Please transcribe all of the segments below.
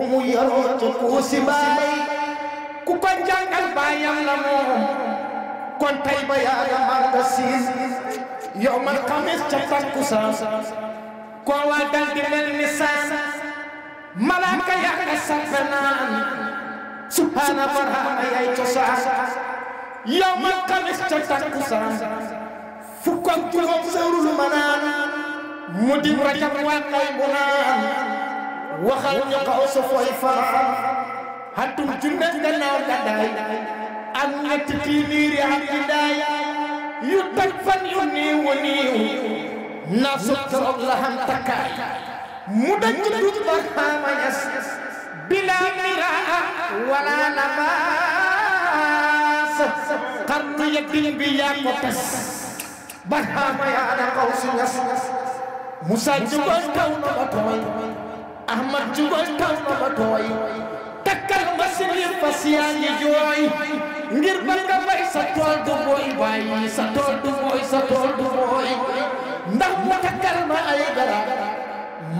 fu mu yaroo ci kuusi baay ku ko jàngal baayam la moom kon tey ba yaaga màgga siis yow man xamis ca takku saa waa dal di mel ni saas malaaka yaaga sappe naan subhaana baraama yay cosaan yow man xamis ca takku saa fukk ak juróom ma mu di rajab wànnay bu naan waxal ñu kaw sa fooy fanaan xatum junne gannaaw gàddaay am ñetti téeméeri ak giddaay yu toj fan yu néew néew na su la xam takkaay mu dëkk du barxaama ñas bila miraa wala nabaas xarnu yëkkin bi yaa ko tes barxaama yaa na kaw si ñas musa kaw na ahmad jugal taw na ma tooy takkal ma sini fas yaa ngi jooy ngir ba nga bay sa tool du mooy bàyyi sa tool du mooy sa tool du mooy ndax mu takkal ma ay dara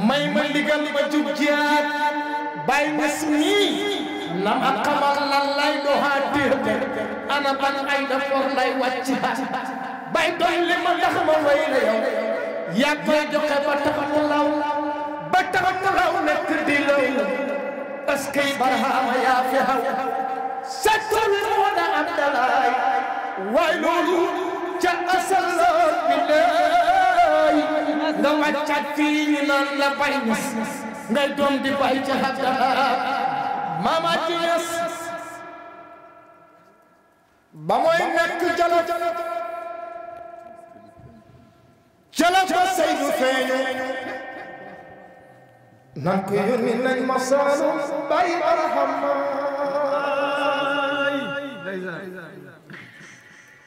may ma ligal ma jub jiyaat bay mes mii nam a xamal lan lay doxaa déete ana ban ay da for lay wàcc bay doy li ma ndax ma way yaa koy joxe ba tax mu law ba taxaw taxaw na tëddi law askay barahama yaa fi xaw sattul na am dalaay waay ca asal la bi lay nga wàccaat fii ñu la bay ngay doon di bay ca xabdalaay mama dinas ba mooy nekk jalo jalo ba saydu feeñu nan ko yónni nañ ma saalum bay arhamay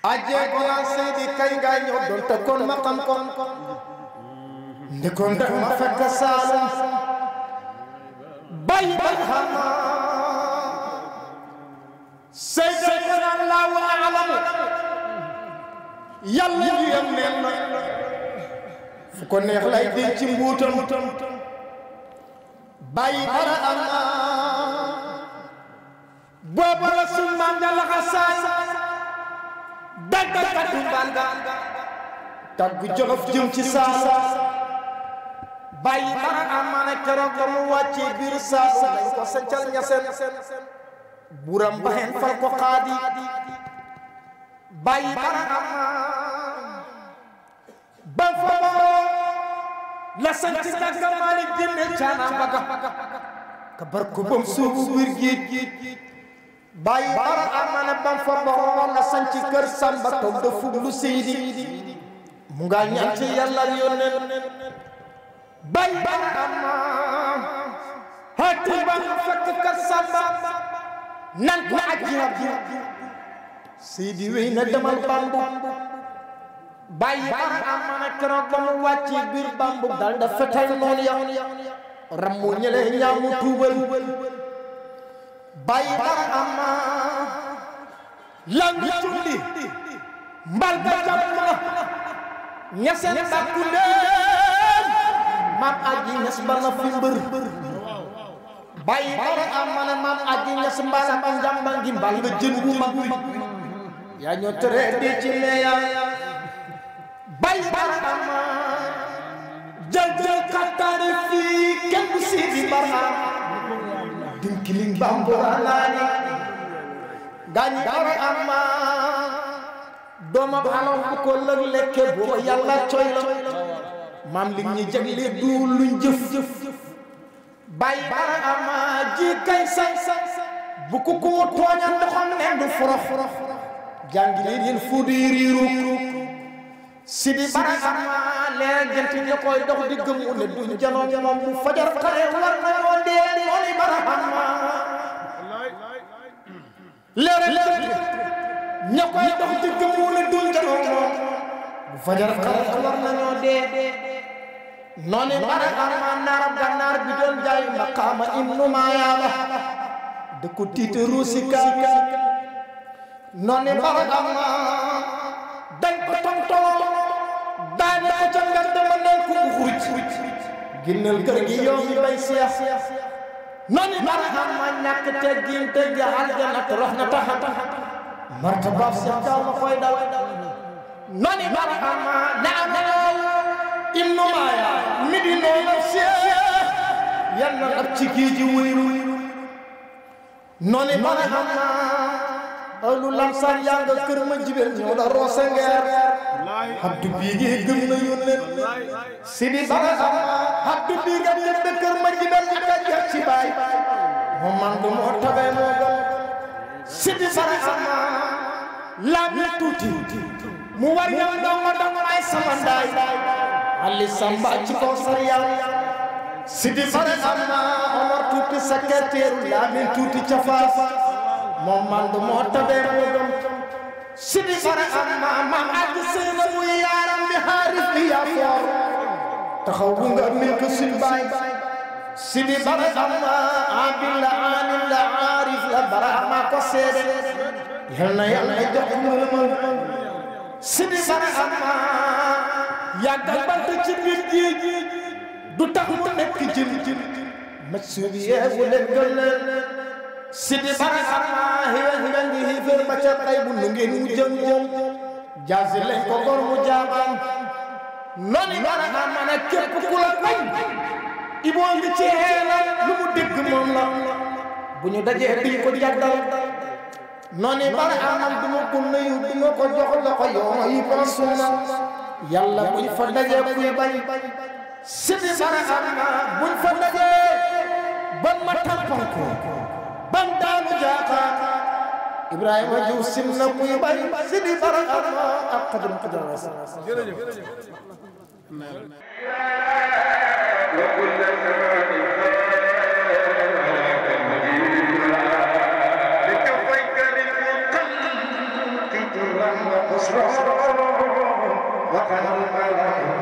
aje ko ya seydi kay nga ñoo doon te kon ma xam ko nde kon da ma fekk saalum bay arhama seydi ko naan laa wa alam yàlla yu yem neen fu ko neex lay denc ci mbuutam bàyyi dara am boobu la summaan nga laxasaay dagga kaddu mbaal nga taggu jolof jëm ci saasa bàyyi dara am ma ne keroog ba mu wàccee biir saasa dañ ko sancal ñaseen ko xaadi bàyyi dara am ba fa la sant nagga maalik génne caanam bagga ka bar ko bam suubu biir géej bàyyi bara amana bam fa bawoo la sanc kër samba taw da fuglu seydi mu nga ñaan ci yàlla yónneen bañ bañ amam hati bam fekk kër samba nan ko ak jihaab seydi wéy na demal bambu bàyyi am am na keroog ba mu wàcc biir bambu dal da fetal noonu ya rammu ñële ñaamu tuubal bàyyi am am na langu julli mbal ba jàpp na ñeseen bàkku leen maam aji ñes ba na fi mbër bàyyi am am na maam aji ñes mbal ba njàmba ngi mbal ba jën wu mag yaa ñoo tere di ci leeya bàyyi barama jëjë kattari fii kenn du siidi barama dinkiling bamburanaani gaañi barama dooma balaw bu ko lëg lekke boo yàlla coy la maam li ñi jagle du luñ jëf jëf bàyyi barama ji kay say bu ko ko tooña ndoxam neen du forox jàngi leen yéen fuudi riiru sidi baraka leer jant ñi koy dox di gëm mu ne duñ janoo moom bu fajar xare war nañoo dee noonu baraka leer leer ña koy dox di gëm mu ne duñ janoo moom bu fajar xare war nañoo dee noonu baraka naar gànnaar bi doon jaay maqaama ibnu maayaaba da ko tiite ruusika noonu baraka dañ ko toltoloo daane ko ca ngand ma nay ko xuruj yi bay seex nani marham ñàkk te giin te gi aljanat rahna taxa martaba seex daal ma koy dal nani marham ma naamal ibnu maaya mi di noonu seex yal na ab ci géej ji wéeru nani marham ma lu lansaan yaa nga kër ma jibel ñëw la roose ngeer haddu bii gi gëm na yónneen sidi bara sama haddu bii nga jënd kër ma jibel ñi ka jëf ci baay mu man du moo tabee moo gëm sidi bara sama laab na tuuti mu war yow doo ma dong ay sama ndaay ali samba ci kaw sa yàlla sidi bara sama omar tuuti sa ketteeru laamin tuuti ca faas moom man du moo tabee mu gëm sidi fara am maam maam ak seyna muy yaaram bi xaaris bi yaa foor taxaw nga mil ko sin baay sidi fara am maam la alim la aarif la bara ko seede yal na yàlla jox mërëmal sidi fara am maam yàggal bant ci biir ji du tax mu nekk jin jin ma subi yeewu leen gën sidi barakallahi andihi fër ba ca tay bu nu ngeen mu jëm jëm jaasi lañ ko gor mu jaabaan noni baraxam man a képp ku la koy iboo ngi ci xeelal lu mu dégg moom la bu ñu dajee diñ ko jàddal noni baraxam man du ma ko nuyu du ko jox la ko yoo yi ko sunna yàlla buñ fa dajee kuy bañ sidi baraxam buñ fa dajee ba ma tampal ko bandaanu jaaxa Ibrahima Diouf sim na kuy bay si di bara am ak xajum xajal wasa jërëjëf وقال الملائكة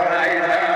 Ahí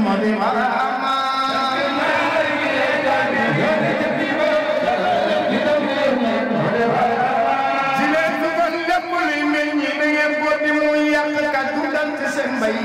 Mother,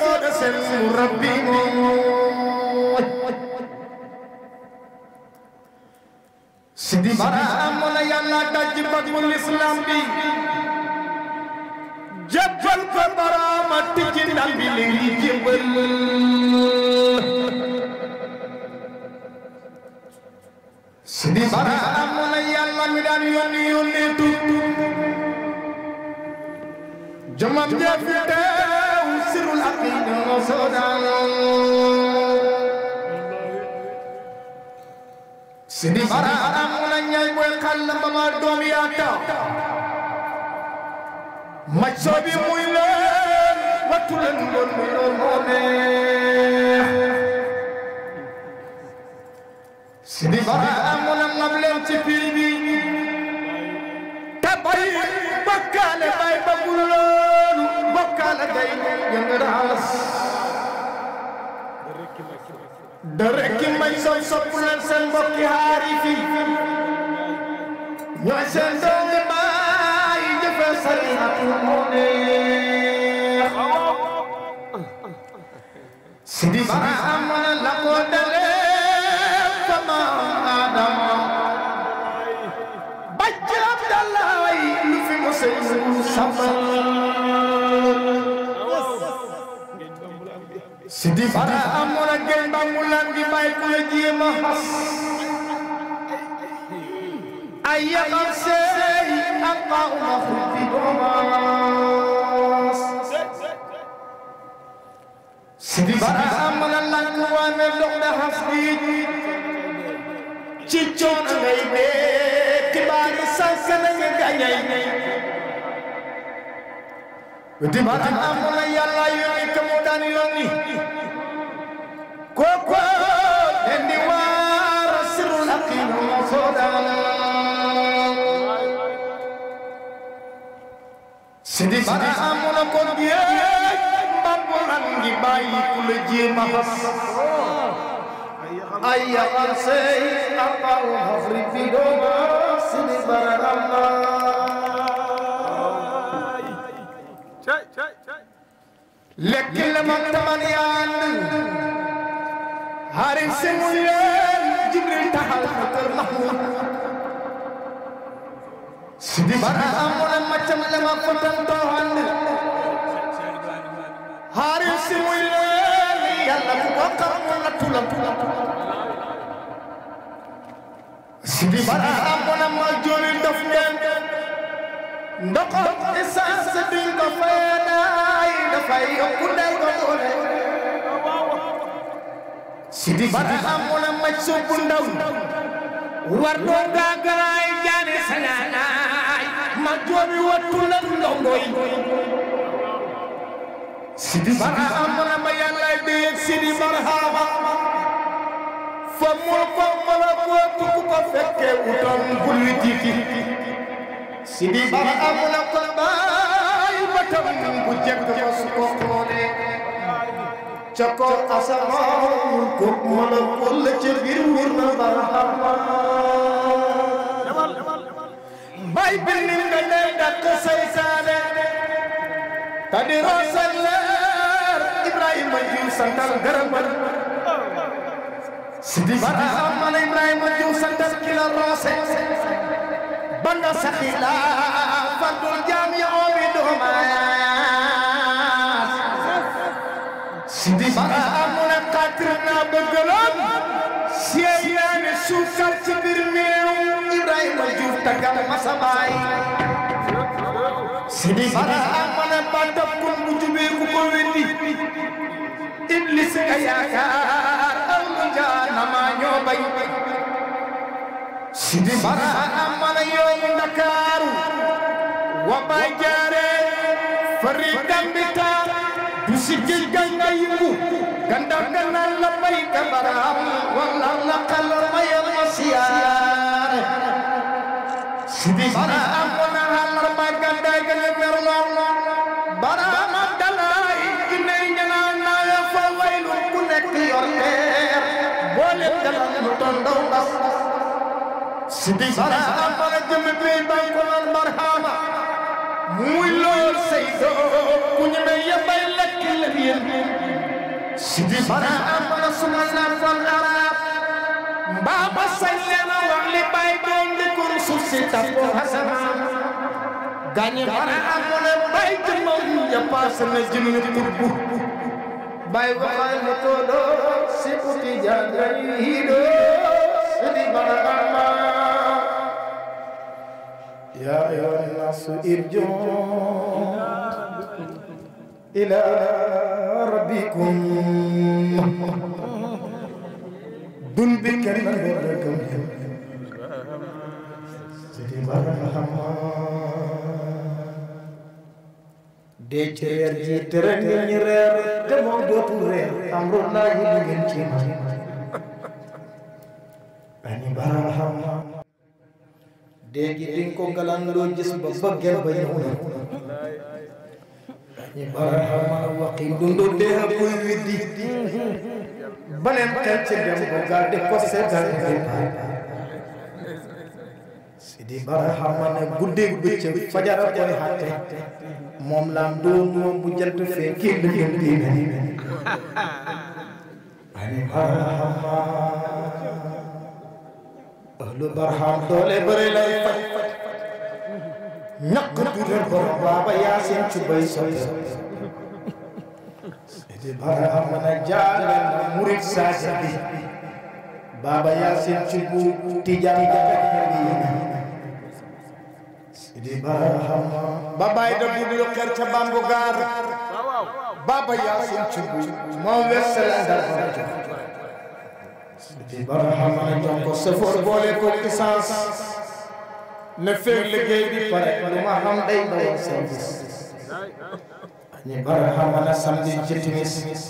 قدس المربي سيدي برام لا يلا دج بك الاسلام بي جبل برام تجندال بي لي جبل sidi bara amoon na yàlla mi daan yónni yónni tu jëmam jëf يسر الأقيد مصدع سيدي برا أمنا نياي بوي خال ماما دومي أتا مجسوبي مويلان وطولن دون مويلان سيدي برا أمنا نبلن تبيبي تبري بكالي باي بقولو day gën may soy leen seen mbokki xaari fi ñooy seen doomi baay jëfe sariyatu mu neex si di bara am na la ko dale sama adama bajj abdallah lu fi mu sey mu sidi fara amoon a gën ba mu lan di may ku la jéem a xas ay seey ak baaxuma xutti doomaas sidi fara amoon a lakk waa ne dox na xas bii ci coono ngay dee kibaar sànq na nga gañay di fara amoon a yàlla yónni ayah, yónni koko endi waara sirul haqi mo sodana sidi sidi amuna ko die bambulan gi bayi kula jema fas oh. ayya arsay apa hafri fi sidi bara allah lekki la ma taman yaan harin si mu leen jibril taxal ma kër mahmud sidi bara amu la ma cam la ma fotan toohan harin si mu leen yàlla ku ko xam mu la tulam tulam sidi bara amu la ma jori dof ngeen ndoxam essence duñ ko fayanaay dafay yokku day ko doole. Sidi Bara amu la maj su bu ndaw. war doon gaa garaay jaane sañaanaay. ma joobi wattu la ndongo yi. Sidi Bara amu la ma yàlla déeg Sidi Barhama. fa mul ko sidi bara amul akon bay batam bu jegg ko suko xone cako asamaan ko mona kol ci bir mir na barhama bay bin nga ne dak saytane tadi rasulullah ibrahim ju santal garamal sidi bara amal ibrahim ju santal kila rase banga saxila fardul jami obidu mayas sidi banga amuna katrina bëggalon seyane suukar ci bir meew ibrahima juuf tagal masabaay sidi banga amuna batab kun bu jubee ku ko weddi iblis ka yaakaar am jaanama ñoo bañ man amana yoomu ndakaaru wa bay jaare fari gambita du sigil ganga yimbu ganda gana la bay kabaram wala la kala mayal masiyaare sidi man amana halar ma ganda gana garlo bara ma dala ikine nyana na ya fa waylu ku nek yor ter bolen dala lu tondaw bas sidi barhama bara jëm bi bay ko naan muy lool say doo ku ñu may yabay lekk la bien sidi barhama bara suma naan fon arab mbaa ba sañ leen a wax li bay doon di kur si tappo hasama gañi barhama ne bay jëmam ya paas na jinni kurbu bay waxaay mu toodoo si kuti jàngay hidoo سليمان بابا يا أيها الناس ارجعوا إلى ربكم دون بكلمة ربكم سليمان بابا déet ci reer ji te reer ngeen ñu reer te moom dootul reer am roon naa yi ngeen ci डेगी टिंको कलन लो जिस बब्बक गैर भई हो ये बरहमान वकील दुंदो दे कोई विधि बने तंचे गम होगा दे कोसे घर दे भाई सिदी बरहमान गुड्डे बिच फजर को हाथे मोमलाम दो मो बुजल तो फेंकी दिन दिन दिन हनी बरहमान lu barxaam doole bëri lay faj ñaq tuutal borom baaba yaasin ci bay soy sidi barxaam mën a jaale murit saasi bi baaba yaasin ci bu tijaan sidi barxaam ba bàyyi da bu lu xer ca bambu gaar baaba yaasin ci bu moom wesel andal ci barahama jox ko sëfoor boole ko essence ne feeg liggéey bi pare lu ma xam day dawal service ñi barahama na samedi ci timis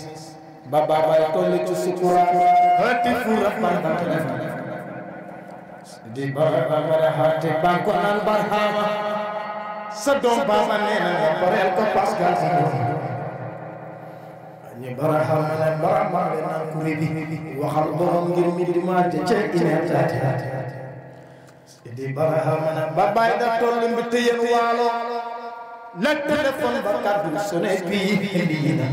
ba baabay toll ci sukura hati fuura banta téléphone di barahama na hati banko naan barahama sa doom baaba nee na nga pareel ko parce que ñu bara xam ne bara mbaale naan ku ribi waxal borom ngir mi di maate ca inertaati di bara xam ne ba la téléphone ba kàddu sonné bii na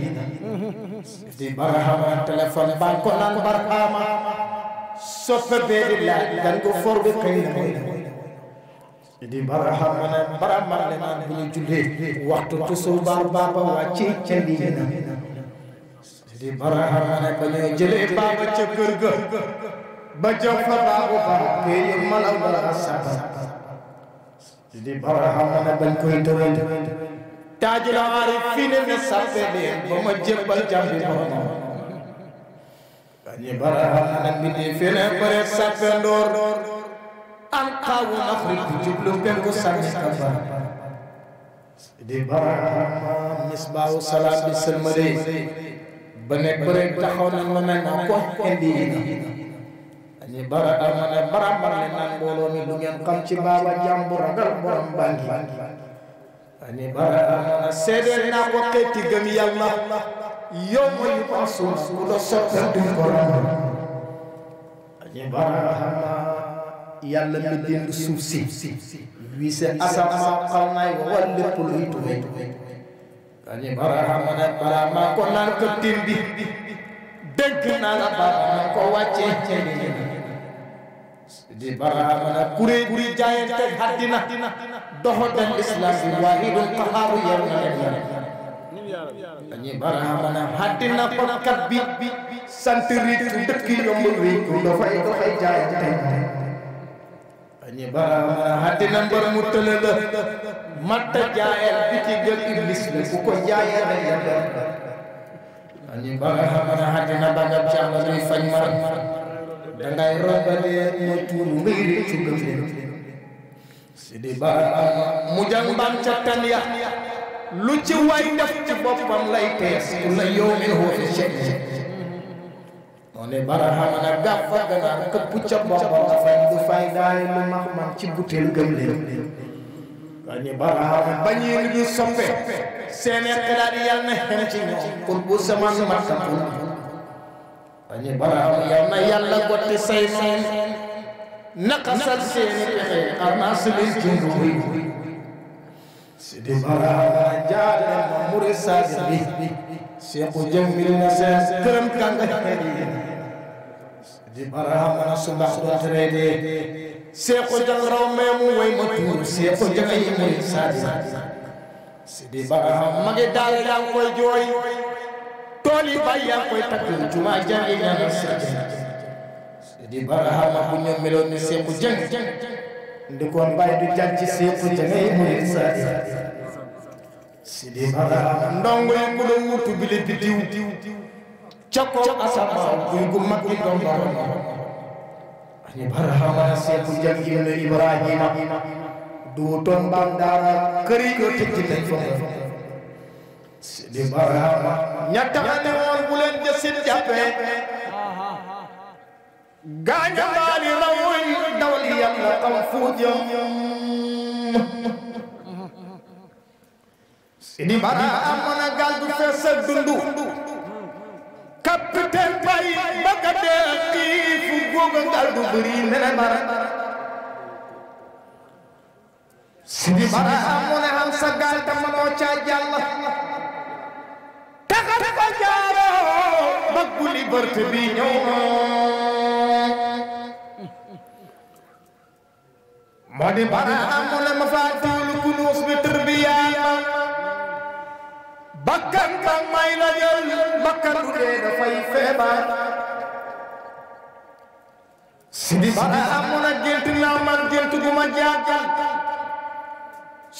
di bara xam ne na mooy na di baraxam ma ne baraxam baaba waa ci ca lii na di barahana ko ñoy jëlé baba ci kër ga ba jox fa baabu fa barahana dañ tajul arifin mi sappe de ba ma jëbal jambi borom barahana bi di fene bare sappe ndor an qawu afrique jublu misbahu salam bi selmade ba nekk ba nekk taxaw na ma mel na ko indi yi bara ama ne barambar ne naan mbooloo mi du ngeen xam ci baaba jàmm bu ragal borom bangi añi bara ama ne seedeel naa ko xeeti gëm yàlla yow ma yu ko suuf ku la sottal du bara ama yàlla mi dénd suuf si wii se asamaa xal naay wawal lépp luy tuwe raxamakat balaa maa ko naan ko tindi dégg naa la baba na ko wàcce di baraama na kuréel kuréel jaayante haddina doxotal islam bi waahidul qahaaru yow na dañuy baraama na haddina ko kat bi sant riitu dëkk yombul riitu dafay dafay jaayante dañuy baramara xaddina mbër mu tële la matta jaayal bi ci gën iblis la ku ko jaayal rek la doon dañuy baramara xaddina ba nga jàng luy fañ mar dangay robalee ma tuur mbir yi ci gëm si di baramara mu jàng ban lu ci way def ci boppam lay tees ku la yow mi hoo fi ne baraxam na gàffa ganaar këpp ca bomba nga fay fay daay lu max man ci butéel gëm leen ka ne baraxam bañeen ñu soppe seen xalaat yàlla na ci ñoom pour bu saman marka pour ka baraxam yàlla yàlla gotti say noon naqasal seeni pexe xarnaa si jënd muy sidi baraxam jaale ma muri saadi bi seexu jëmm bi na seen këram kànga barahama su baax doonte nay dee seexu jang raw meemu way ma tuur seexu janga yi muy saadi si di baraham ma daal yaa ngi koy jooy tool yi bàyyi yaa ngi koy takk jumaa jaa yi ñaan saadi si di barahama bu ñu meloon ni seexu jang ndi koon du jàng ci seexu janga yi si di baraham ndongo yi ku doon wutu bile bidiw ca kaw asamaan guy gu mag ani barhama seetu jangil na ibrahima duutoon mbaam daara ko tëjji nañ sidi barhama ñatta ane woon bu leen jësit jàppee gaaña mbaali rawuñ dawal yàlla am fuujam sidi barhama na gaal du dundu capitaine Paye bëgg a dee xiifu góog ngal du bëri nene bara sidi bara mu ne am sa gaal te mënoo caa jàll taxat ko jaaroo bëggu liberté bi ñëw moo di bara mu ne ma faa tuulu kunuus bi tërbiyaa bakkan kang may la jël bakkan bu da fay feebar sidi sidi amuna na la naa man gént gu ma jaagal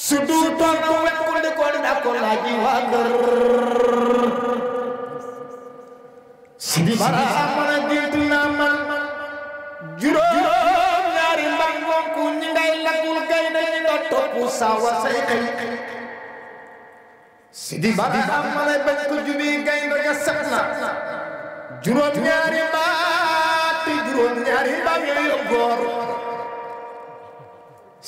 sudu to ko wet ko de ko da ko laaji waa kër sidi bara amuna na la naa man juróom ñaari mbangong ku ñi ngay la ko lakkul na ñi do topp saa wa say ay sidi baraam ma lay bañ ko jubi gaynde ga set na juróom ñaari baat juróom ñaari baat yooyu góor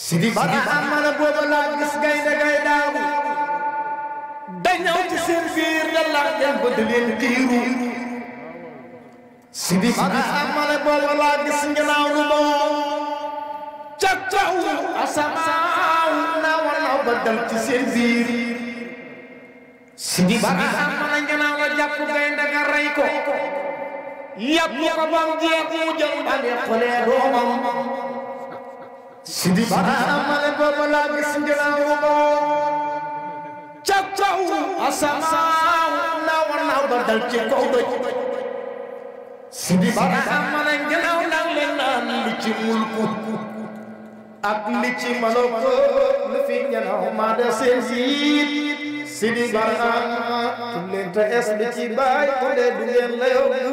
sidi baraam ma la booba laa gis gaynde gay daagu dañaw ci seen biir la laa dem ba di leen kiiru sidi baraam ma la booba laa gis ngenaaw lu moom ca kaw asamaaw na walaw ba dal ci seen biir sidi ba nga xam ma na ñanaaw la jàpp gaynde ga rey ko yàpp ko bam jeex mu jëm dale xoolee doomam sidi ba nga xam ma ne booba laa naan li mulku ak li ci fi njanaaw maa de seen siit sidi baraa tum leen te es bi ci baay ko dee du ngeen layoo buur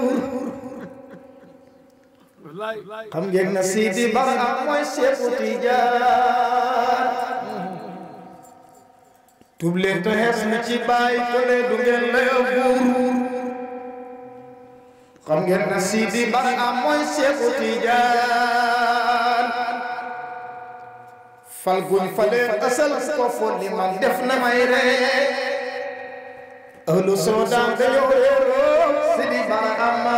xam ngeen na sidi baraa mooy Seexu Tijaan tum leen te es bi ci baay ko dee du ngeen layoo buur xam ngeen na sidi baraa mooy Seexu Tijaan falgun faleen asal ko folli man def na may ree ahlu soodaan dañoo réeroo sidi bara amma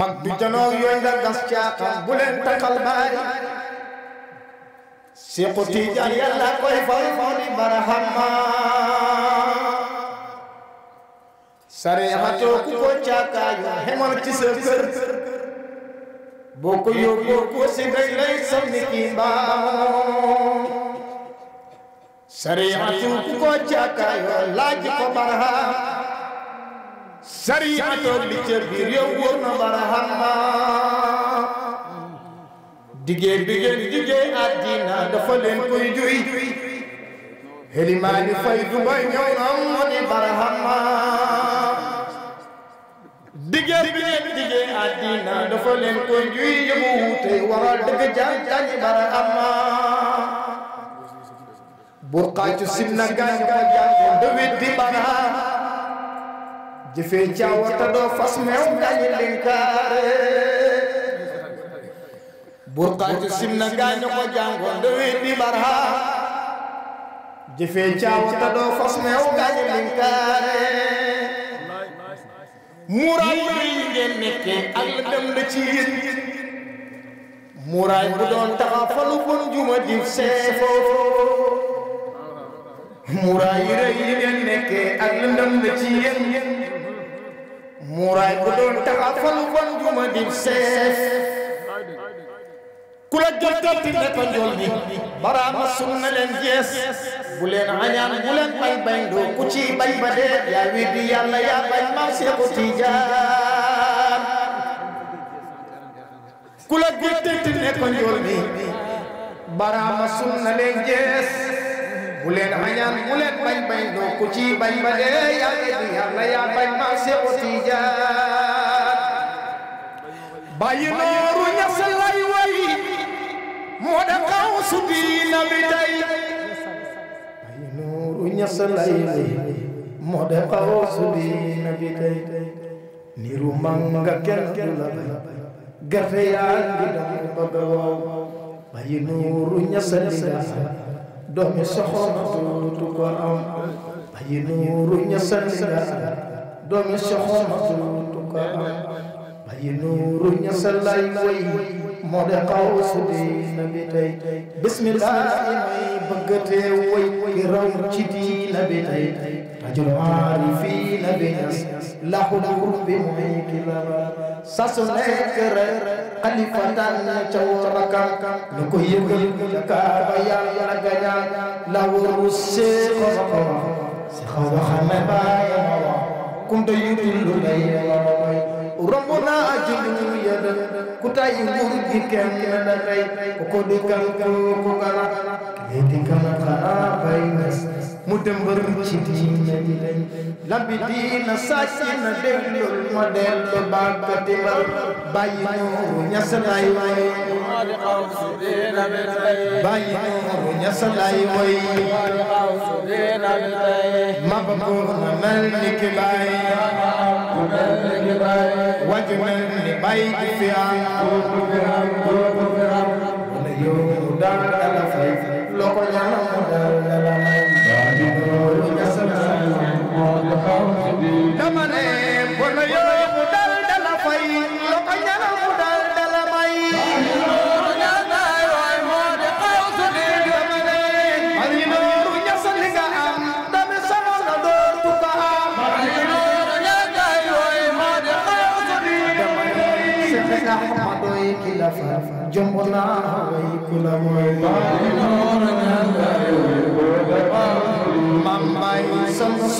mag du janoog gas caaxaan bu leen taxal baay Seexu Tijaan yàlla koy fal folli bara amma sare xatoo ku ko caakaayu ci sa बोकुयो बोको सिगई सब निकीबा सरे आतु को चकायो अच्छा अच्छा लाज को बरहा सरी आतो बिच बिरियो वो न बरहा दिगे बिगे दिगे आदीना दफलेन कोई जुई हेलिमानी फैदु बाय न्योम मनी बरहा diggante dige àddina dafa leen ko njuy yëmu wuute waral dëgg jantan yi bara amma burqaatu simna ganga jàngoon da weddi bara jëfee caawata do fas meew dañu linkaare burqaatu simna gaañu ko jàngoon da di bara jëfee caawata do fas meew dañu linkaare muuraay yi ngeen nekkee ak la dem la ci yéen muuraay bu doon taxa falu bon juma di seefoo muuraay yi rëy yi ngeen nekkee ak la dem la ci yéen muuraay bu doon taxa falu bon juma di seef ku la jottati ne ko njool bi baraama sunna leen jees bu leen añaan bu leen bay bay doo ku ci bay ba dee yaa weddi yàlla yaa bay maam Seexu Tijaan ku la jottati ne ko njool bi baraama sunna leen jees bu leen añaan bu leen bay bay doo ku ci bay ba dee yaa weddi yàlla yaa bay maam Seexu Tijaan bàyyi nooru ñasal moo da kaw su diina bi tey ay nuuru ñas lay moo da kaw su diina bi tey niru manga kenn du la bay gerte yaa ngi daan bëgg a wow ay nuuru ñas lay doomi soxna tuutu ko am ay ko am ay nuuru ñas lay way moo de xaw si diina bi tey bismillaahi may bëggatee woy ki raw ci diina bi tey tajul aarifiina bi ñas laxul bi mooy ki la sa su nekk rek xalifa daan ca warakam ñu ko yëgal kaaba yàlla gañaan la waru see ko sa ko si xaw waxame bàyyi ma wax kumte yutul lu day romb naa jëndu yedda ku tay nguur gi kenn na tey ku ko di kan ku kala kii di kan xanaa bay mu dem ba ci diine di lay lambi diina sàcc na déglul ma dellu bàkkati bal bàyyi nuuru ñasa lay way bàyyi nuuru ñasa lay way ma ba na mel ni ki واجمل لبيك فيها روح برام روح برام وليوم دار الفيف لو كنا دار الفيف كمان ايه وليوم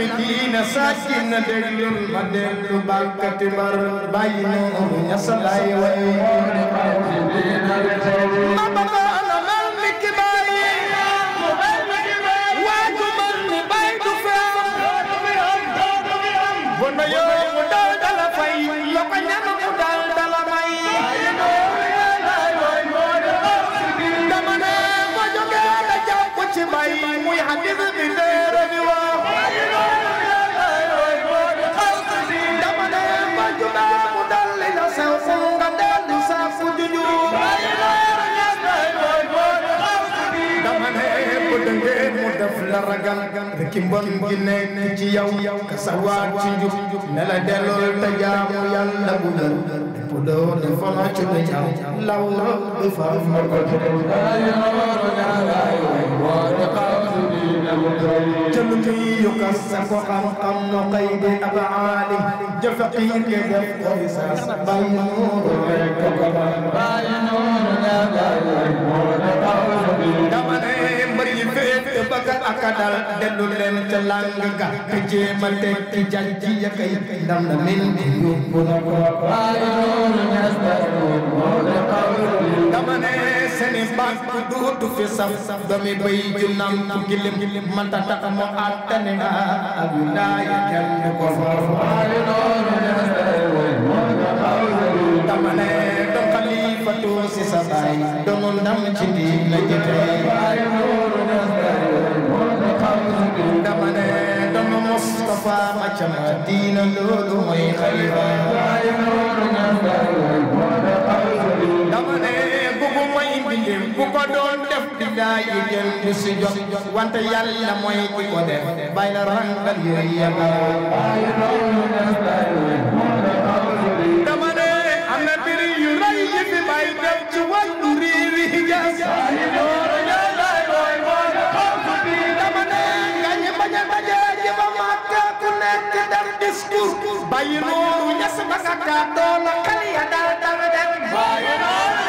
sabikiina sakin na déglul ma déglu bàkkati bar bàyyi noonu ña salaay way ويعلمها بدير النواب ragal ki mbon gi nekk ci yow ka sawaat ci njub ne la dellul te jaamu yàlla bu dal bu doo dafa ma ci la jaw law la dafa ma ko dal تلقي يكسك خلقا نقيد أبعاله جفقيك دفق إساس بل نور لك بل نور لك بل نور لك bëgg ak a dal dellu leen ca làng ga te jéem a teg ci janji ya kay ndam na min di yóbbu na ko waaye loolu ñes na dama ne seni baat ku duutu fi saf doomi bay ju namp gilim manta tak mu attani nga ab yu laaya kenn ko far waaye noonu ñaanee way moo nga aw dama ne doon xalifatu si sa baay doomu ndam ci ndiig la jëfee waaye noonu ñaanee way moo nga aw dama ne doomu Mustafa ma ca Madina loolu mooy xalifa waaye noonu ñaanee way moo nga lim bu doon def billaay yi jël du si jot wante yàlla mooy ki ko def bàyyi la rangal yooyu yàlla dama ne am na mbir yu rëy yi fi bàyyi dem ci wàllu riir yi Bayinoo ñas ba ka kaa doola kaliya dal dal dem. Bayinoo.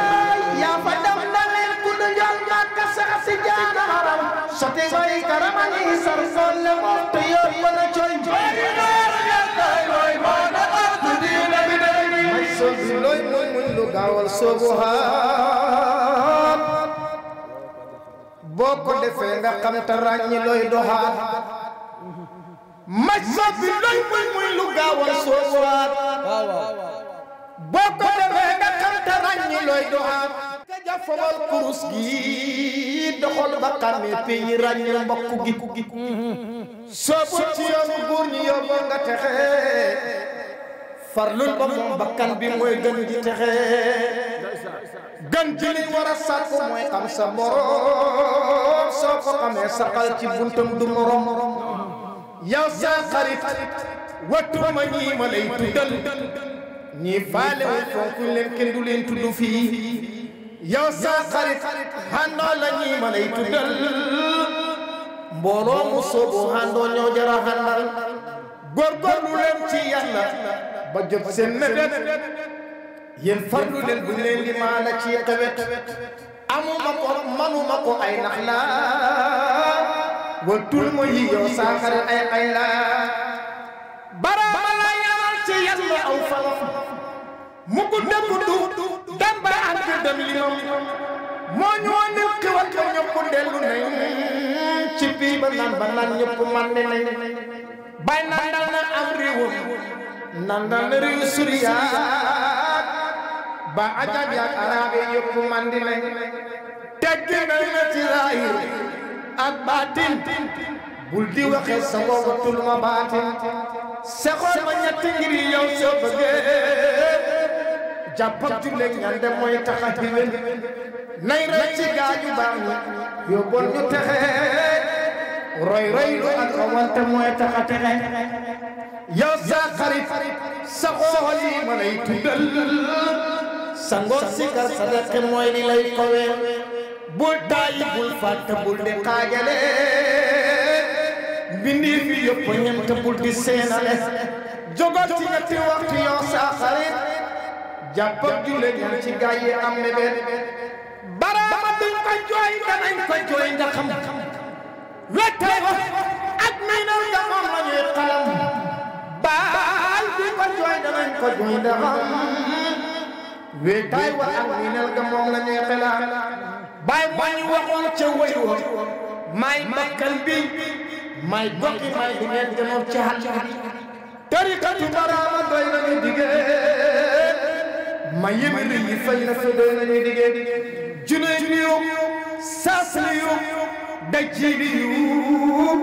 सते भाई करमनी boo ko defee nga muy muy lu gaawal soosuwaat boo ka jafawal kurus gi doxal ba xame pey mbokk gi ku gi soobu ci yoonu buur ñu yóbbu nga texe farlul ba moom bakkan bi mooy gën ji texe gën ji li war a sàkku mooy am sa morom soo ko amee saxal ci buntam du morom yow sa xarit wattu ma ñii ma lay tuddal ñii faale wu fonk leen kenn du fii yaw saa xarit xandoo la ñuy tuddal mbooloo mu soobu xandoo ñoo jara xandal góorgóorlu leen ci yàlla ba jot seen mébét yéen farlu leen bu ñu leen ci xewet amuma ko manuma ko ay nax la wal tul ma yi yow ay ay la gudd gudd damba entre deux millions moo ñoo nekk wax ñëpp dellu nañ ci bii ba naan ba naan ñëpp man ne nañ bay naan dal am réewam naan dal na réew suriyaat ba ajab yaak araabe yëpp man di nañ teggi nañ na ci zaahir ak baatin bul di waxee sa tul ma baatin sexoon ma ñetti ngir yow soo bëggee jàppat jullit ñan de mooy nay ray ci gañu bañu yo bon ñu taxé roy roy lu ak wante moy taxa texe yow sa xarit sa xoli manay tudal sango ci sa ngoor si kar sa dëkk mooy lay kowe bul tàyyi bul fàtte bul di xaajale bindi fi yop yëpp te bul di senale jogal ci ñetti waxtu yo sa xarit jàpp ak jullit ñi ci gaa yi am ne benn baraama duñ ko jooy danañ ko jooy nga xam wette ak may naw nga moom la ñuy xalam baal duñ ko jooy danañ ko jooy nga xam wéetaay wa ak minal nga moom la ñuy xelaat bàyyi moo ñu waxoon ca wéy wa maay makkal bi maay bokki maay di ngeen demoon ci xal tariqatu baraama doy nañu digee ma yemiri yi fayna fedonani dige junayniyo sasliyo dajjiniyo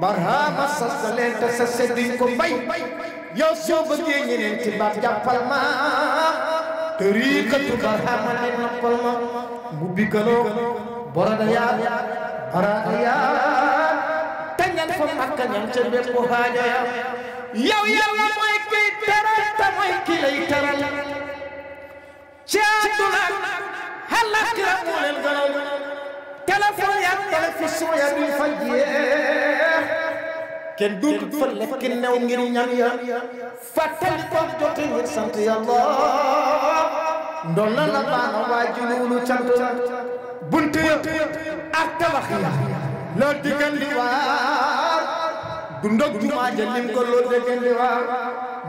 barhama sasalenta sasedin ko bay yow soo bëggee ñeneen ci baat jàppal ma tariqatu barhama ne noppal ma gubbi kaloo borada yaa barada yaa tañal fa makka ñam ca bépp haaja ya yow yàlla mooy kiy teral te mooy ki lay ci àdduna àllaaxira moo leen gënal téléphone ya télévision ya duñ fa jeex kenn duut fa lekk new ngir ñam ya fàttali ko jote ngir sant yàlla ndolla la baana waa juluulu cant bunt ya ak tabax ya loo digal di waar dundal jumaa ja lim ko loo dégg waa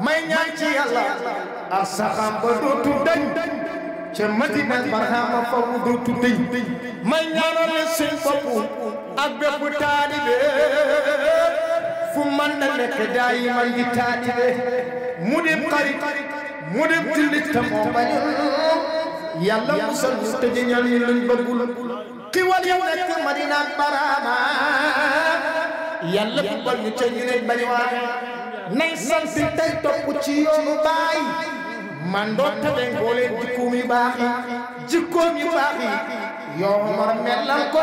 may ñaan ci yàlla ar saxaam ba dootu dañ ca madina barhama fa mu dootu dañ may ñaanale seen bopp ak bépp taalibe fu man na nekk daayi man di taalibe mu dem xarit mu dem jullit te moo bañ yàlla musal ñu tëjëñal ñu luñ bëggul xiwal yi nekk madina barhama yàlla buggal ñu ca ñu leen bari waay nay sant tey topp ci yoonu baay man doon tabe ngoo leen jikkoom yu baax yi jikkoom yu baax yi yow Omar melal ko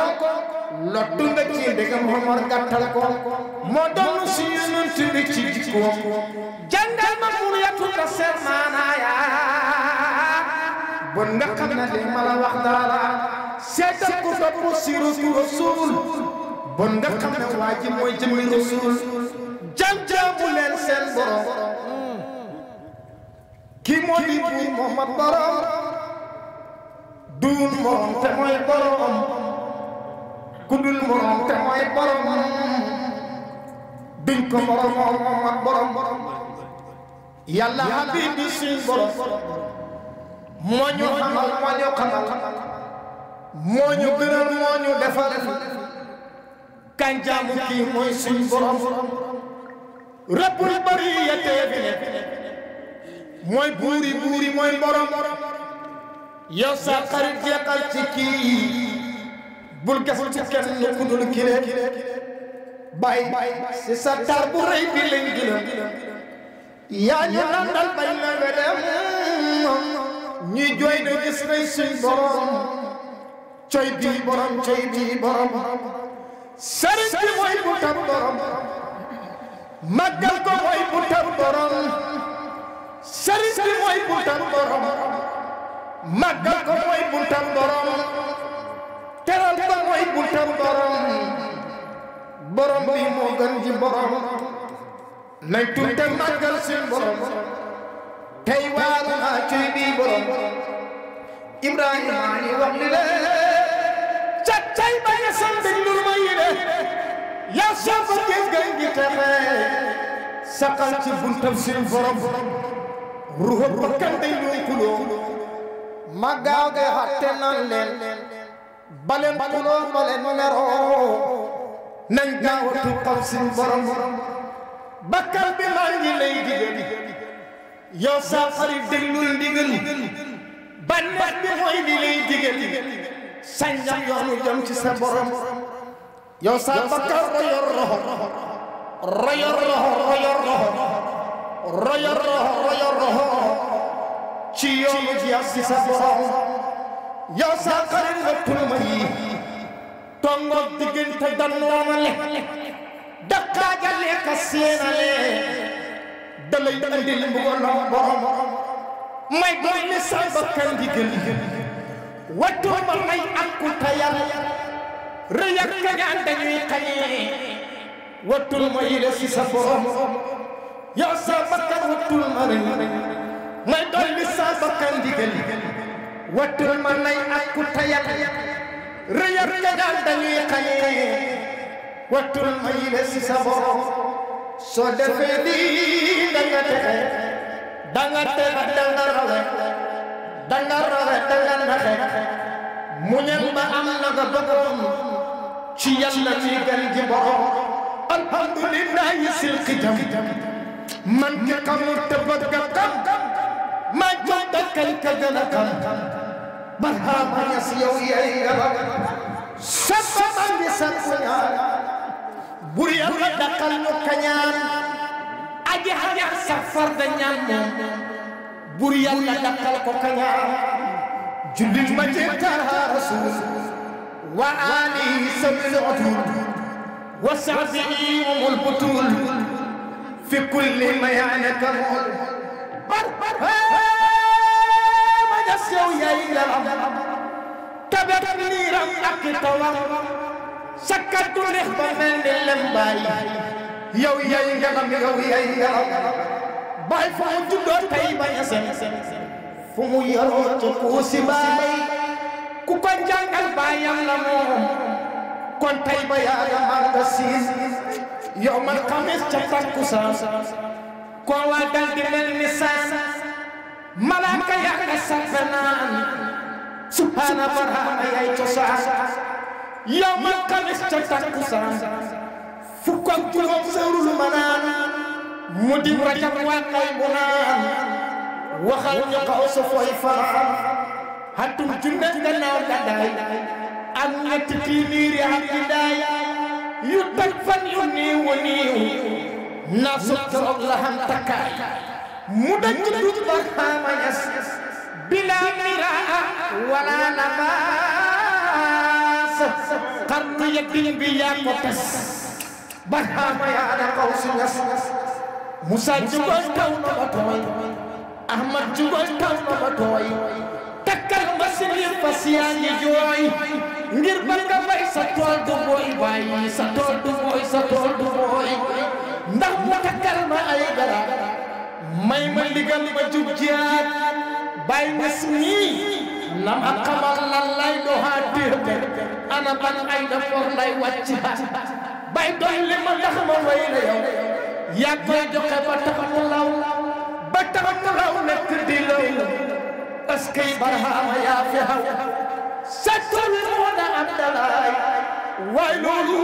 lottu nga ci ndegam Omar gàttal ko moo doon si yonent bi ci jikkoom jàngal ma mun yatu ta seet maanaaya bon nga xam ne li ma la wax daala seetal ko topp siratu rasul bon nga xam ne waa ji mooy jëmmi rasul jam jaamu leen seen borom kii moo di buur Muhammad borom duun moom te mooy borom ku dul moom te mooy borom duñ ko borom Muhammad borom yàlla habibi suñ borom moo ñu xamal moo ñu xamal moo ñu gënal moo ñu defal kañ jaamu kii mooy suñ borom rabbul bariyate fi ne mooy buuri buuri mooy borom yow sa xarit jeexal ci bul gas ci kenn ku dul kii ne bay si sa tar bu rëy bi lañ gina yaa ñu nandal bañ na wedem ñuy jooy du gis nay suñ borom coy bii borom coy bii sëriñ bi mooy buntab borom màggal ko mooy buntab borom sëriñ bi mooy buntab borom màggal ko mooy buntab borom teral ko mooy buntab borom borom bi moo ji borom nañ tudde màggal seen borom tey waaru naa cuy bii borom Ibrahima ni wax ni leen càccay ba nga sant ndul ma yéene yaa sooba géej géej gi texee saqal ci buntam seen borom ruuxa bakkan day ñuy kuloo ma gaaw ga xatte nan leen baleen kuloo ma leen meroo nañ gaaw a tuqal seen borom bakkal bi maa ngi lay digal yow saa xarit déglul ndigal bànneex bi mooy li lay digal saññam yoonu jëm ci sa borom yow sa bakkan royor roxo royor roxo royor roxo royor roxo royor roxo ci yoonu jëm ci sa borom yow sa xarit nga tulma yi tongo diggante dannoomale dakkaajale ka seenale dalay andil mbugalom borom may doy ni sa bakkan di gën wattoo ma may ak ku tayal rëy ak kañaan dañuy xañee wattul ma yile si sa borom yow sa bakkan wattul ma rëy may dolli sa bakkan ndigal wattul ma nay ak tayal rëy ak kañaan dañuy xañee wattul ma yile si sa borom soo defee lii danga texe danga texe rawe dangal rafet dangal rafet muñal ba am na nga ci yàlla ci gan gi borom alhamdulillahi man ki xamul te bëgg a xam maa jox dakkal ka gën a xam barhaama ñas yow yaay nga ba sa sama ngi sakku ñaan bur yàlla dakkal ñu kañaan aji far da ñaan bur yàlla dakkal ko kañaan jullit ma ci taha rasul wa ali sabil utul wa sahbihi umul butul fi kulli mayanaka mul bar bar ma jas yow yaay yaram tabet niiram ak tawam sakkatu lex ba mel ni lem baay yow yaay yaram yow yaay yaram baay fu mu juddoo tay ba yasen fu mu yaroo ci kuusi baay ku ko jàngal baayam la moom kon tay ba yaaya màgga siis yow man xamis ca takkusaan koo waa dal di mel ni saan malaaka yaaka sappe naan subhaana baraama yay cosaan yow man xamis ca takkusaan fukk ak juróom sërul ma naan mu di ma ca wàqay bu naan waxal ñu xaw sa fooy fanaan xatum junne gannaaw gàddaay am ñetti téeméeri ak giddaay yu toj fan yu néew a néew na su la xam takkaay mu daj du barxaama ñas bila miraa wala nabaas xarnu yettin bi yaa ko tes barxaama yaa da xaw ñas Moussa jugol taw na ma tooy Ahmad jugol taw na ma tooy takkal ma si ngir fas yaa ngi jooy ngir ba nga bay sa tool du booy bàyyi sa tool du booy sa tool du booy ndax mu takkal ma ay dara may ma ligal ma jub jiyaat bàyyi nga si nii na ma xamal lan lay doxaat déete ana ban ay na for lay wàcc bay doy li ma ndax ma way la yaa koy joxe ba taxatalaw ba taxatalaw nekk di law askay barahama yaa fi xaw moo na am dalaay waaye loolu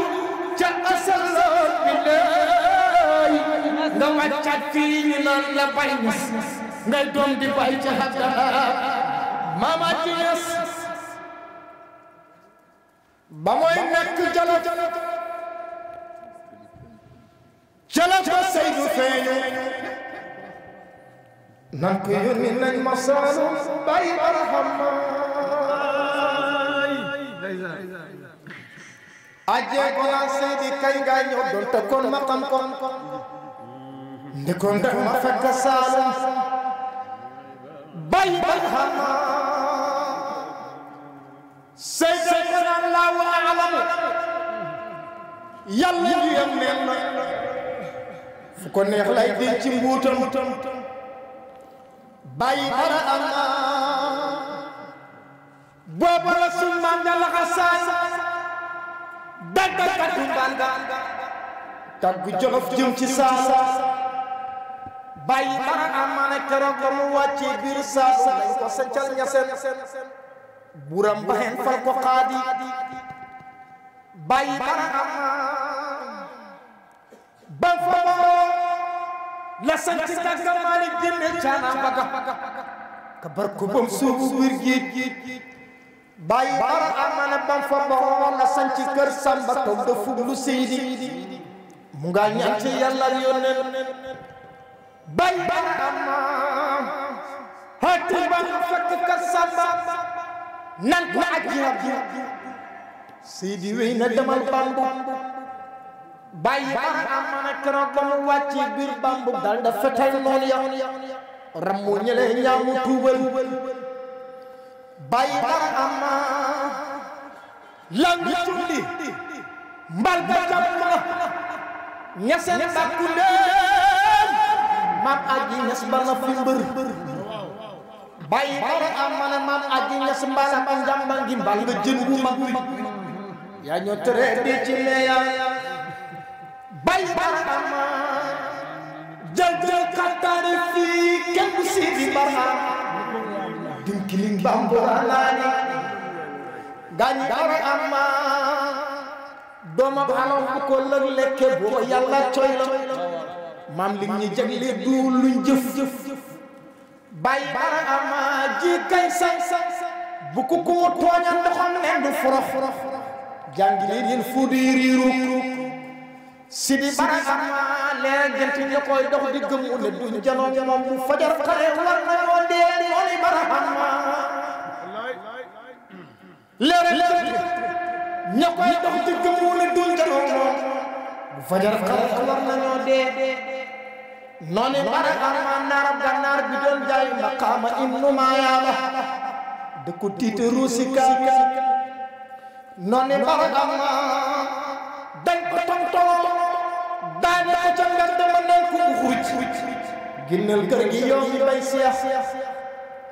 ca asal la bi lay nga wàccaat fii ñu la bay mis ngay doom di bay ca xaddaa mama ci yes ba mooy nekk jalo جلب السيد فين نكو يرمي نك مصار باي برحم اجي كنا سيدي كاي غاي دون تكون مقام كون نكون دم فك سالم باي برحم سيدنا الله اعلم يلا يمنا fu ko neex lay denc ci mbuutam bàyyi dara am booba la summaan nga laxasaay daggakatu mbangaan tàggu jolof jëm ci saasa bàyyi dara am ma ne keroog ba mu wàccee biir saasa dañ ko sancal ñaseen buram baxeen fal ko xaadi bàyyi dara am ban fama la sant tagga malik dinne caana mbaga ka bar kubam suubu wir giit bàyyi bara amana ban fama wala sanc kër samba taw da fuglu seydi mu nga ñaan ci yàlla yónneen bàyyi bara amana hati ban fekk kër samba nan ko ak jihaat seydi wéy na demal bambu bàyyi baax am na keroog ba mu wàcc biir bambu dal da fetal noon ya rammu ñële ñaamu tuubal bàyyi baax am na lan julli mbal ba jàpp na ñeseen bàkku leen maam aji ñes ba a fi mbër bàyyi baax am na maam aji ñes mbala a ngi mbal nga jën wu mag yaa ñoo tere di ci leeya bàyyi barama jëjë xattaari fii kenn du siidi barama dinkiling bamboranaani gaañ barama dooma balo bu ko lëg lekke boo yàlla coy maam li ñi jagle du luñ jëf jëf bàyyi barama ji kay sañ sañ bu ko ko tooña ndoxam nen du forox jàngi leen yéen fuudi riiru sidi baraka leer gént ñi koy dox di gëm mu ne moom bu fajar xale war nañoo dee noonu baraka leer leer ña koy dox di gëm mu ne duñ janoo moom bu fajar xale war nañoo dee noonu baraka naar gànnaar bi doon jaay maqaama ibnu maayaaba da ko tiite ruusi kaaka noonu baraka dañ ko tontoo baane ko ca ngand ma ne ko xuruj ginnal kër gi yow mi bay seex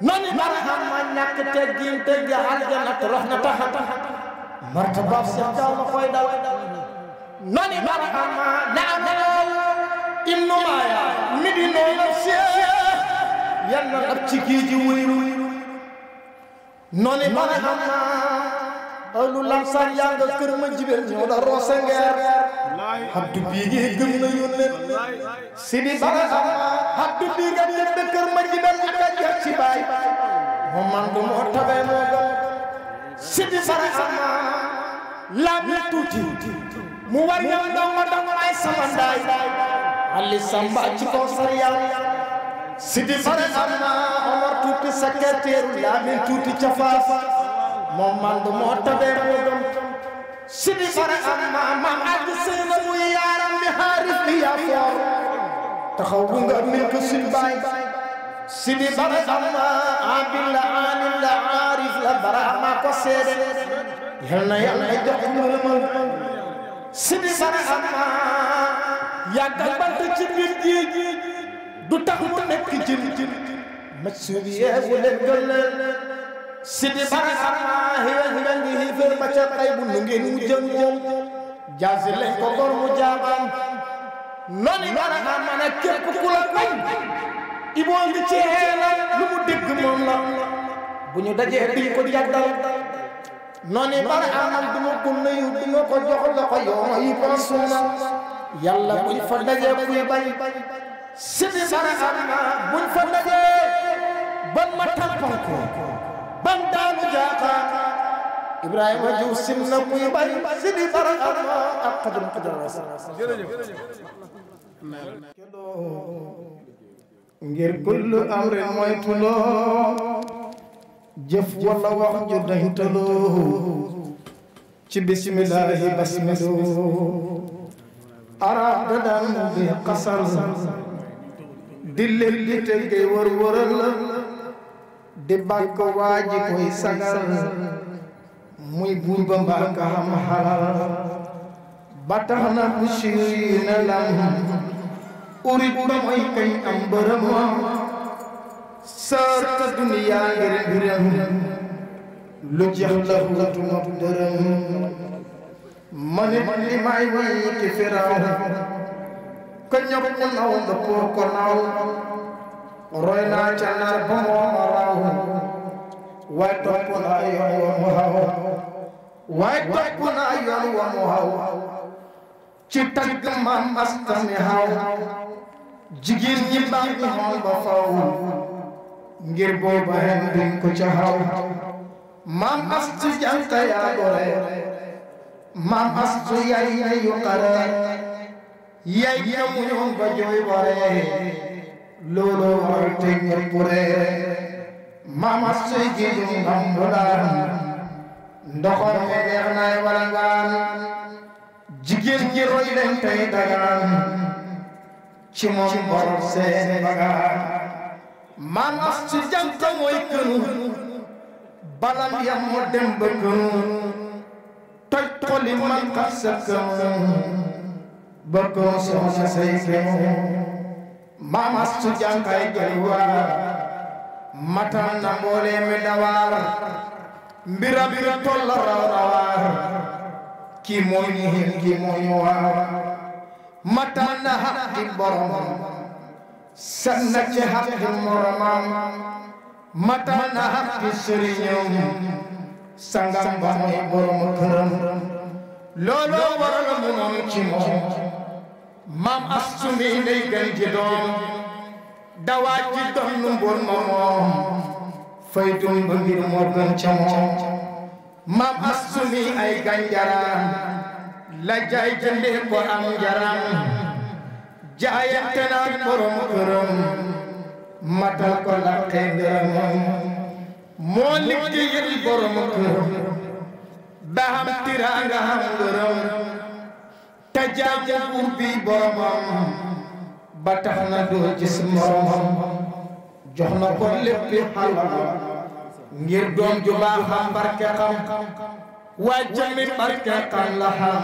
nani marham ma ñàkk teggin tegg aljana torox na taxa martabaaf seex daaw ma koy daw nani marham ma naam ibnu maaya mi di noonu seex yal na ab ci gii ji wuyru marham ma ahlu lamsar yaa nga kër ma jibel ñëw da roose ngeer habdu bii gi gëm na yónneen si bi bara am habdu bii nga jënd kër ma jibel ak a jot ci baay moo man du moo tabee moo gëm si bi bara am laa mi tuuti mu war yow ndaw ma dam ay sama ndaay ali samba ci kaw sa yàlla si bi bara am omar tuuti sa kerteeru laa mi tuuti ca moom man du moo tabee mu gëm sidi bare am maam maam ak seen muy yaaram bi xaaris bi yaa foor bu nga mil ko sin baay sidi bare am maam bi la alim la aarif la bara maa sidi bare am maam yàggal bant ci biir géej du tax mu nekk jin jin ma suubi yeewu leen sidi barakallahi wa himdihi fir ba ca xay bu nu ngeen mujjëm jëm jaasi lañ ko gor mu jaabaan noni baraka man a képp ku la bañ iboo ngi ci xeela lu mu dégg moom la bu ñu dajee diñ ko jàddal noni baraka man du ma ko nuyu du ma ko jox loxo yoo yi ko suuna yàlla buñ fa dajee kuy bañ sidi baraka buñ fa dajee ban ma tampal ko bandaanu jaaxa Ibrahima Diouf na kuy bay si di bara ak xajum xajal wa ngir kullu amrin mooy tuloo jëf wala wax ju dañ tuloo ci bismillahi basmilu arab da daan bi xasal di leen di teggee wër wëral di bàkk waa ji koy muy buur ba mbaa ka ba tax na bu sii na lam urit ba mooy kañ am bërëma sër ta duniyaa ngir mbiram lu jeex la wutuma dërëm manit li may way ci firaaw ka ñëpp mu naw royna cannar bomo rahu way toppuna yon womo haw way toppuna yon womo haw ci tagg mam astami haw jigéen ñi baax na xool ba faw ngir booba hen din ko ca haw mam astu janta yaa gore mam astu yay yayu xare yay yamuñoon ba jooy bare looloo waral te ñëpp reer mamas suy ji ñu ndombu daan ndoxom me neex naay e walangaan jigéen ji roy leen tey dagaan ci moom borom seen bagaan mamas su jant mooy kënu balam yam mu dem ba kënu toj man xas kënu ba kënu soxna say mamastu jankay jaliwa matan na mbolemi dawar mbirabir tolla rawrawar ki moyni hen ki moynowa matan na haqqi borom sanna ce haqqi moromam matan na haqqi seriñom sangam bamay borom këram looloo waral mu moom ci maam astu mi ndey gën doom dawaat ma moom faytum ba ngir moo gën ca moom maam astu ay gànjaraam la jaay jëndee ko am njaram jaayante naa borom këram matal ko laqee ngërëmam moo liggéeyal borom këram ba xam tiraanga xam ngërëm te jaajëful bii boromam ba tax na doo gis moromam jox na ko léppi xalwa ngir doom ju baaxam barke xam waa jami barke xam la xam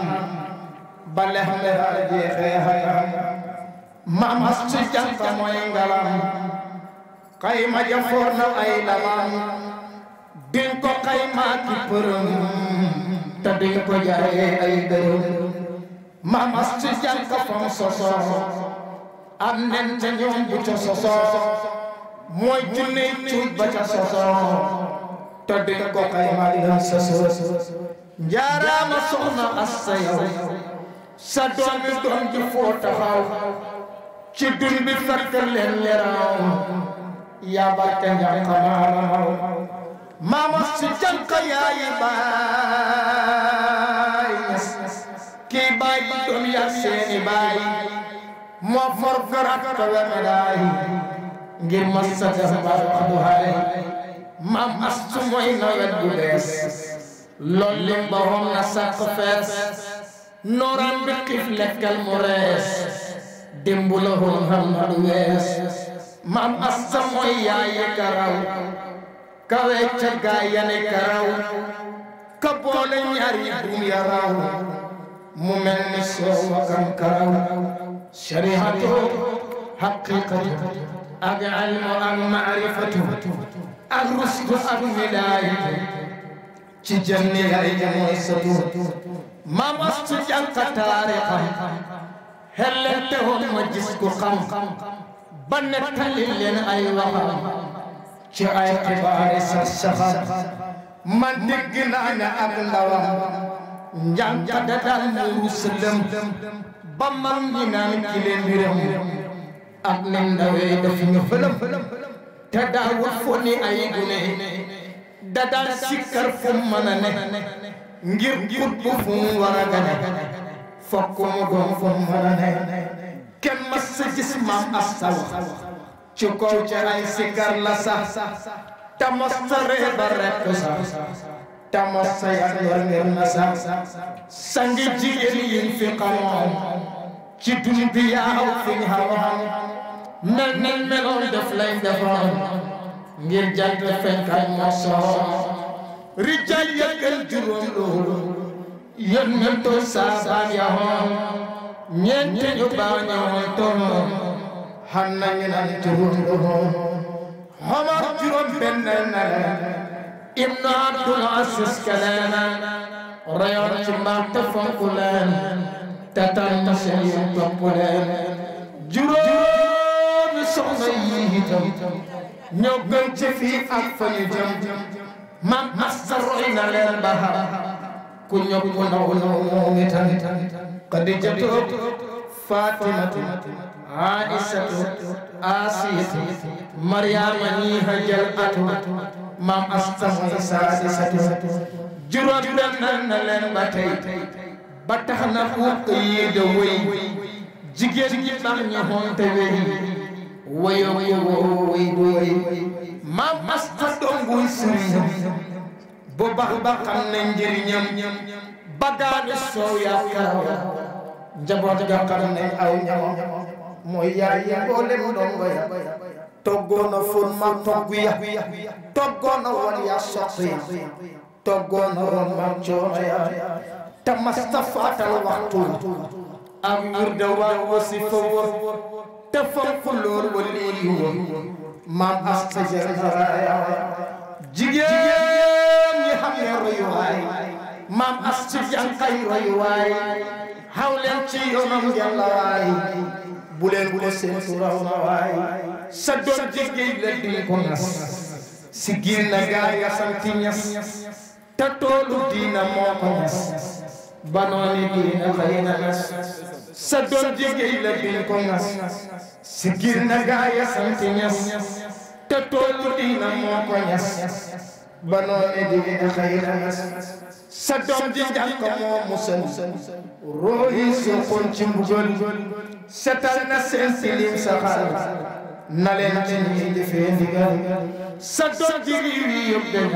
ba lex lex a jeexee xayam maam as ci jànka mooy ngalam xayma jafoor na ay lamam din ko xaymaa ki përëm te din ko jaayee ay dërëm maam as ci jànka fam soso am nen ca ñoom bu soso mooy junney cuuj ba soso to din ko kay mariam soso njaaraama soxna as sa doomi doom ji ci dun bi fekk leen leraaw yaa barke njànka maaraw maam as ci jànka yaayi baa কি বাই তুমি আসেনি ভাই মফর করাত কবে মেলাই গির মাসা জাহবার খুহাই মাম আসছু মহিনা গুদেস লল্লে বহম নাসা কফেস নরান বিকিফ লেকাল মোরেস ডিম্বুলো হল হাম হারুয়েস মাম আসছু মহিয়া ইয়ে কারাও কবে চগায়ানে কারাও কপোলে ইয়ারি দুনিয়া রাও ممن سوى انكره شريعته حقيقته ابي علم ام معرفته الرشد ام ولايته تجني اي موسوعه ما مست جنك تاريخا هل انت هم مجسك خم بنت لين اي وهم شعيق بارس الشخص من دقنا انا اغلى njankada dal muslim bamam ñi naan ci leen mbiram ak nim dawee daf ñu fëlam te daawut fo ni ay gune da daan sikkar fu mën a ne ngir kut bu fu mu war a gane fokk mu doon fu mu mën a ne kenn mas sa gis maam astaw ci kaw ca ay sikkar la sax te mos sa reebar rekk sax tama sayar yor ngeen na sax sangi jigéen yin fi xamoon ci dun bi yaaw fi ñu xamoon mel nañ meloon def lay defoon ngir jant fenkan moo soo rijal yëkkal juróom loolu yén men to saasaan yahoon ñeente ñu baaw ñawoon tolloon xam nañu naan juróom loolu xomar juróom benn na ibnu abdul asis kaleena rayoon ci mbaax te fonk leen te tànn seen yu topp leen juróomi soxna yi itam ñoo gën fii ak fa ñu jëm mam masta roy na leen ba xam ku ñëpp naw naw moom itam xadijatu fatimatu aisatu asiyatu mariama ñii hajal atu maam asta mooy saadisatu juróom bennal na leen ba tey ba tax na ku yii da wéy jigéen ñi baax ñu honte wéy wéyoo wéy wéy maam asta donguy sëriñam bu baax ba xam ne njëriñam bagaani soow yaa karaw njaboot ga xam ne aw ñam mooy yaay yi boolem dongo ya toggoona fóon ma togg ya toggoona won ya soq ya toggoona won ma coono ya te mastafaatal waxtu am wirda waa wasifa wa te fonk lool waliyu wa maam asta jigéen ñi xam ne royuwaay maam asta jankay royuwaay xaw leen ci yoonam yàlla waay bu leen ko seen su raw na sa doon jéggéey la duñ ko nas si giir na gaa ya sant ñas te toolu diina moo ko nas ba noonu diina xëy na nas sa doon jéggéey la duñ ko nas si gir na gaa ya sant ñas te toolu diina moo ko ñas ba noo indi xëy xanas sa doom ji jàng ko moo musal ruux yi suuxoon ci mbugal setal na seen tilim sa xaal na leen ci ñuy defee ndigal sa doom ji riiw yi yëpp dem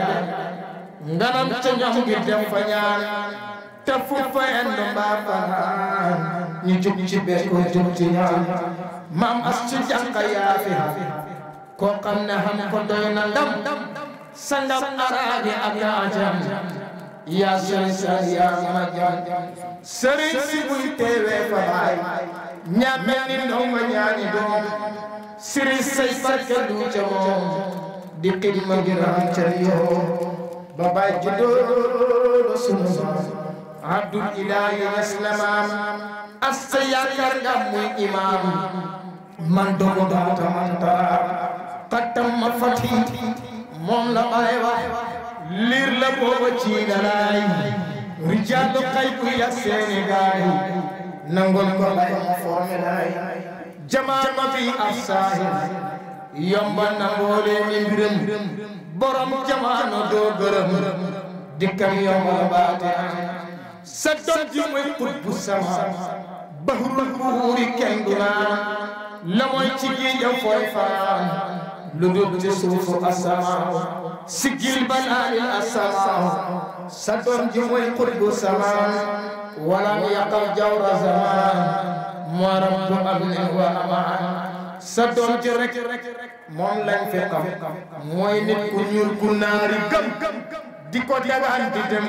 nganam ca ñoom dem fa ñaan te fu fa end mbaa fa naan ñu jug ci bekku jug ci ñaan maam as ci jànq yaa fi ne xam ko doy na ndam sandam arabi akajam ya sansa ya magam sëriñ si buy teewee fa baay ñàmmee ni ndaw ma ñaani doom sëriñ say sarka du ca moom di xidma gi raam ca yoo ba baay ji doolo sunu maam abdul ilaahi aslamaam as sa yaakaar nga muy imaam man dogo daata man taam xattam ma fati moom la baay wax liir la booba ci lalaay rijaatu xaybu ya Sénégal nangol ko lay ma formé lay jamaa ma fi ab saahir yomba na mboolee mi mbiram borom jamaano doo gërëm dikkam yomba la baate sa doom ji mooy xutbu sama bahrul buuri kenn du naan la mooy ci géej fooy faan لدود تسوف السماء سجل بناء السماء سدون جمعي قرب السماء ولم يقل جور زمان مرب أمن وأمان سدون جرك مم لن فقم موين كنير كنار كم دي كو دغان دي دم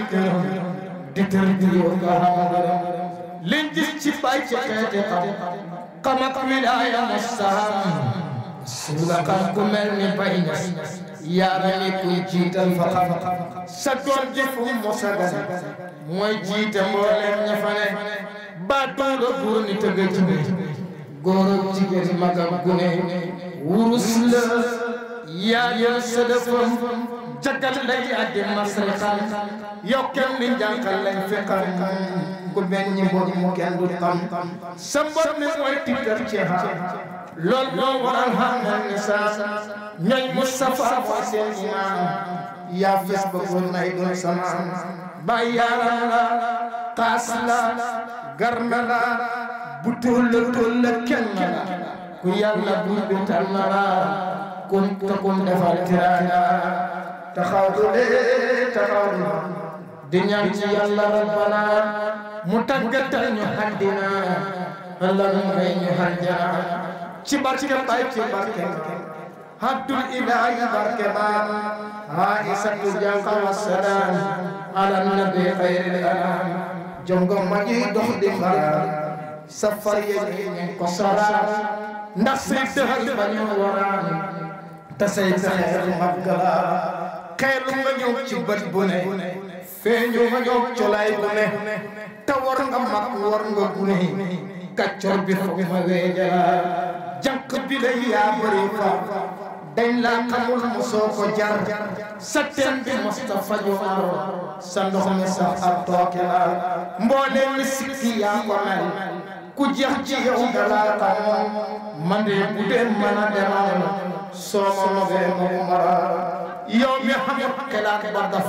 دي تر دي لين دي سي باي سي خم خمك ولايه مستهم nga xam ku mel ni bay yaa mel kuy jiital fa xam sa doon jëfu mosa dara mooy jiite mbooleem ña fa ne baat doole góor ni tëgg ci biir góor ak jigéen magam gune wurus la yaa jël sa jaggal lay addi masrixal yokken ni jànkal lañ fekkal ku benn mbot mu kenn du tam sa mi mooy tikkar ci ha lool moo waral xamal ni sa ñooñ Mustafa mooy seen imaam yaa fes ba góor nay doon samaam bay yaaram la taas la garna la bu tóolla kenn ku yàlla buy bi tànn la kun te kun defal tiraanga taxaw lee taxaw di ñaan ci yàlla rabbana mu tàggatal ñu àddina allah mu may ñu àjjana ci barke bay ci barke abdul ilaahi barke baam aisatu jànqa wassalaam ala nabi xayril anam jongo ma ñuy dox di safar yi ko saraan ndax say tëxal ba ñu waraan te say tëxal mab xeelu nga ñëw ci bët bu ne feeñu nga ñëw colaay bu ne te war nga mag war nga gune kaccor bi foog ma weeja jànq bi lay yaa bëri fa dañ laa xamul mu soo ko jar sa teen bi Moustapha ju aro sa ndox mi sax tooke la mboolee mi sikki yaa ko ku jeex ci yow nga laa xamoon man de bu dee mën a demal soo ma nobee ma umara يوم يحب kelak bardaf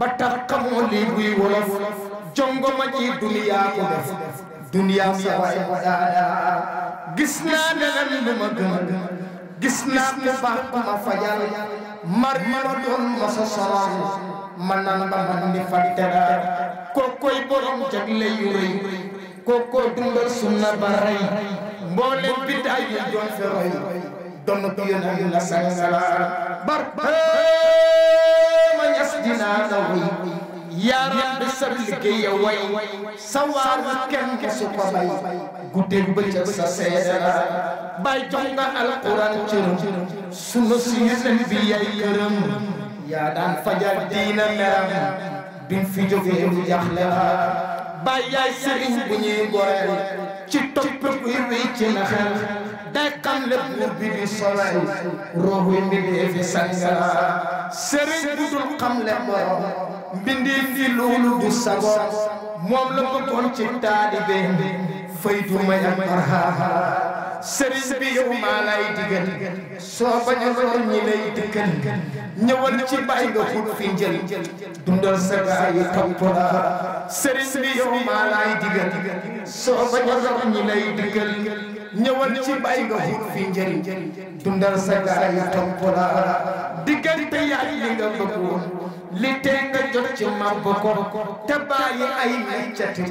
batak كمولي بوي wolof جنگو مجي دنيا dunya دنيا سوائي dunya گسنا way daaya گسنا مباق dalan lu ma gëm gis naa ku baax ku ma fajal mar mar کو کوئی sa سننا man nan ba man ni fantera kookoy donn ki yonent bi la sang salaam barkeema ñas dinaa la wuy eu bi sa liggéey a way sa waar wi kenn su ko bay guddeeg bëccëg sa seede la bay jox nga alquran cëram sunu si yonent bi yay këram yaa daan fajal diina meram bi fi jógee lu jaxle bay yaay sëriñ bu ñuy goreel ci topp kuy wéy ci na xel dekkal lépp mu biri solay roobu mbindeefi sangala sëriñ bu dul xam le borom mbindee fi loolu du sago moom la bëggoon ci taalibe faydu may ak marhaaba sëriñ bi yow maa lay digal soo bañ a ñi lay dikkal ñëwal ci bàyyi nga xut fi njël dundal sa gaa yi topp la sëriñ bi yow maa lay digal soo bañ a lool ñi lay dikkal ñëwal ci bàyyi nga wut fii njëriñ dundal sa gaa yi toppala diggante yaay li nga bëggoon li tee nga jot ci màbb ko te bàyyi ay ay cati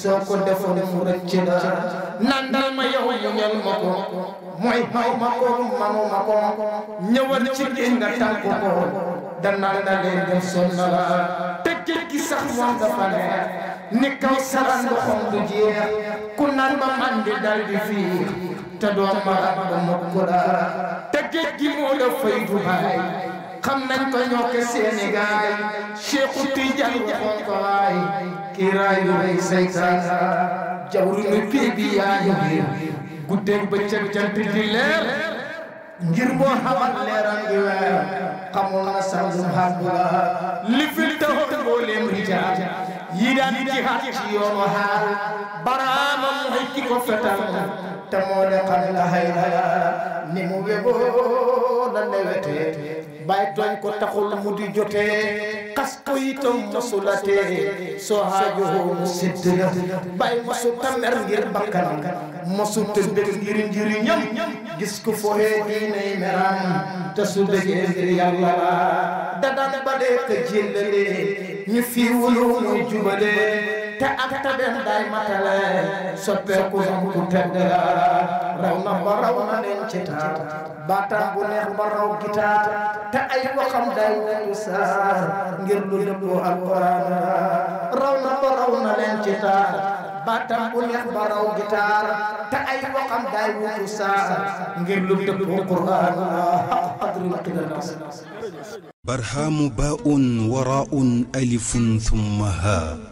soo ko defoon mu rëcc la nandal ma yow mu ñal ma ko mooy xaw ma ko ma ko ñëwal ci nga tànk ko danaa la leen def te géej sax moom dafa neex ni kaw saran du xom du ku naan ba man di dal di fiix te doo marat ba mukk dara te géej gi fay du baay xam nañ ko ñoo ko Sénégal Cheikhu Tidiane waxoon ko waay kii raayu rey say kaasa jawru nu pii bi yaayu biir guddeeg bëccëg jant di leer ngir moo xamal leeram gi weer xamul na sangum xaat bu la li fil taxoon mbooleem rijaal yi daan jihaat ci yoonu xaal baraama mooy ki ko fetal te moo ne xam la xayra ni mu weboo la newetee bàyyi tooñ ko taxul mu di jotee xas ko a mosulatee soo haajoo mu sidd la bàyyi mosu tamer ngir bakkanam mosu tëddëg ngir njëriñam gis ko fooyee diinay meram te su dëggee ngir yàlla la dadaan ba dee ka jéllalee ñu fiiwulu ñu jubalee te ak tabeem day matale soppeeku yomb bu tedd raw na ba raw na leen ci taat baataan bu neex ba raw gitaar te ay waxam day wutu saar ngir lu dëppoo alquran raw na ba raw na leen ci taat baataan bu neex ba raw gitaar te ay waxam day wutu saar ngir lu dëppoo alquran qadril qidaras barhamu baun waraun alifun thumma ha